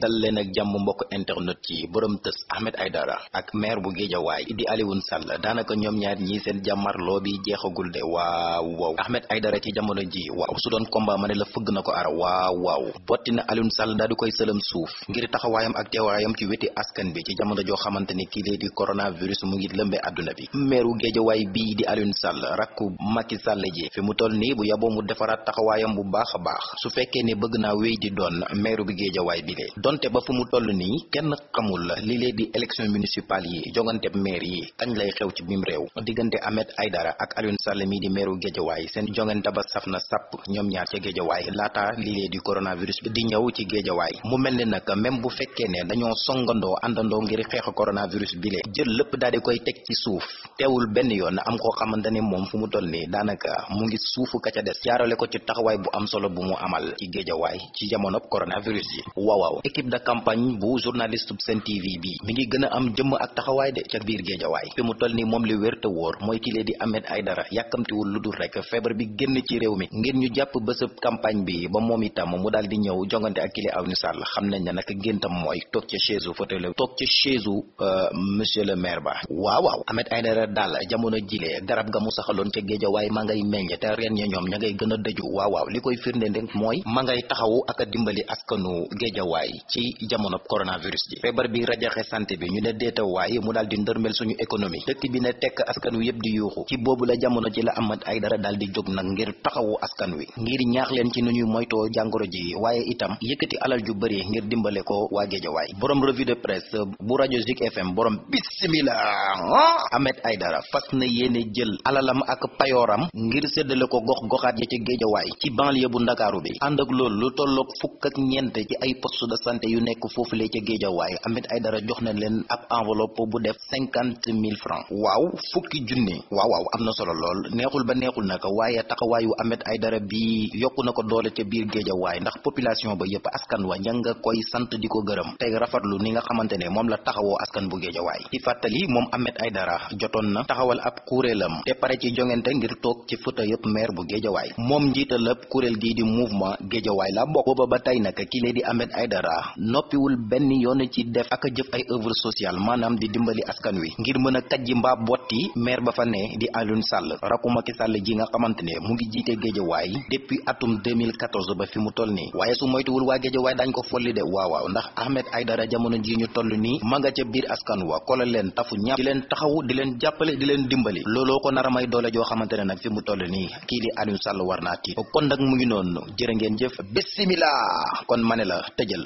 dal leen ak jàmm mbokk internet yi borom tës Ahmed Aidara ak maire bu Guédiawaye di Alioune Sall daanaka ñoom ñaar ñii seen jàmmarloo bi jeexagul de waaw waaw Ahmed Aidara ci jamono ji waaw su doon combat ma ne la fëgg na ko ara waaw waaw botti na Alioune Sall daal di koy sëlam suuf ngir taxawaayam ak teewaayam ci weti askan bi ci jamono joo xamante ni kii di coronavirus mu ngi lëmbee àdduna bi maire bu Guédiawaye bii di Alioune Sall rakku makki Sall ji fi mu toll nii bu yaboo mu defaraat taxawaayam bu baax a baax su fekkee ne bëgg naa wéy di doon maire bu Guédiawaye bi donte ba fu mu toll nii kenn xamul li lee di élection municipale yi jongante maire yi kañ lay xew ci biim réew diggante Ahmed Aïdara ak aline Sall mi di meeru Géejawaay seen jongante ba saf na sàpp ñoom ñaar ca Géejawaay laata li lee di coronavirus di ñëw ci Géejawaay mu mel ni nag même bu fekkee ne dañoo songandoo àndandoo ngir xeex coronavirus bi lee jël lépp daal di koy teg ci suuf teewul benn yoon am koo xamante ne moom fu mu toll nii daanaka mu ngi ka ca des jaarale ko ci taxawaay bu am solo bu mu amal ci Géejawaay ci jamono coronavirus équipe de campagne bu journaliste Sen TV bi mi ngi gën a am jëmm ak taxawaay de ca biir géejawaay fi mu toll ni moom li wér te wóor mooy kilee di Ahmed Aidara yàkkamtiwul lu dul rek feebar bi génn ci réew mi ngir ñu jàpp bésëb campagne bi ba moom itam mu daal di ñëw jongante ak kilee Awni Sall xam na ne nag géntam mooy toog ca chaise u fauteuil toog ca chaise u euh, monsieur le maire ba waaw waaw Ahmed Aidara daal jamono jilee darab ga mu saxaloon ca géejawaay ma ngay meññ te ren ya ñoom ña ngay gën a dëju waaw waaw li koy firnde mooy ma ngay taxawu ak a dimbali askanu ci jamonob coronavirus ji feebar bi rajaxe santé bi ñu ne déeta waaye mu daal di ndërmel suñu économie dëkk bi ne tekk askan wi yëpp di yuuxu ci boobu la jamono ci la Ahmed Aidara daal di jóg nag ngir taxawu askan wi ngir ñaax leen ci nu ñuy moytoo jàngoro ji waaye itam yëkkati alal ju bëri ngir dimbale ko waa Géejawaay borom revue de presse bu rajo Zik FM borom bismillah ah! Ahmed dara fas na yéene jël alalam ak payooram ngir séddale ko gox goxaat ya ci Géejawaay ci banlieue bu Ndakaaru bi ànd te yu nekk foofu foofulee ca géejawaay ay dara jox na leen ab enveloppe bu def cinquante mille francs waaw fukki junne waaw waaw am na solo lool neexul ba neexul na ko waaye taxawaayu ay dara bi yokk na ko doole ca biir géejawaay ndax population ba yëpp askan wa ña nga koy sant di ko gërëm tey rafetlu ni nga xamante ne moom la taxawoo askan bu géejawaay ci fàttali moom ay dara jotoon na taxawal ab kuréelam te pare ci jongante ngir toog ci futa yëpp maire bu géejawaay moom njiital ab kuréel gii di mouvement géejawaay la bokk booba ba tey nag ki lee di Ahmed Aidara Touba noppiwul benn yoon ci def ak jëf ay œuvre sociale maanaam di dimbali askan wi ngir mën a kaj ji mbaa botti maire ba fa ne di Alioune Sall rakku Macky Sall ji nga xamante ne mu ngi jiite Géejawaay depuis atum 2014 ba fi mu toll nii waaye su moytuwul waa Géejawaay dañ ko folli de waaw waaw ndax Ahmed Aidara jamono ji ñu toll nii ma nga ca biir askan wa kola leen tafu ñàpp di leen taxawu di leen jàppale di leen dimbali looloo ko nar a may doole joo xamante ne nag fi mu toll nii kii di war naa tiit kon nag mu ngi noonu jërë ngeen jëf bismillah kon ma ne la tëjal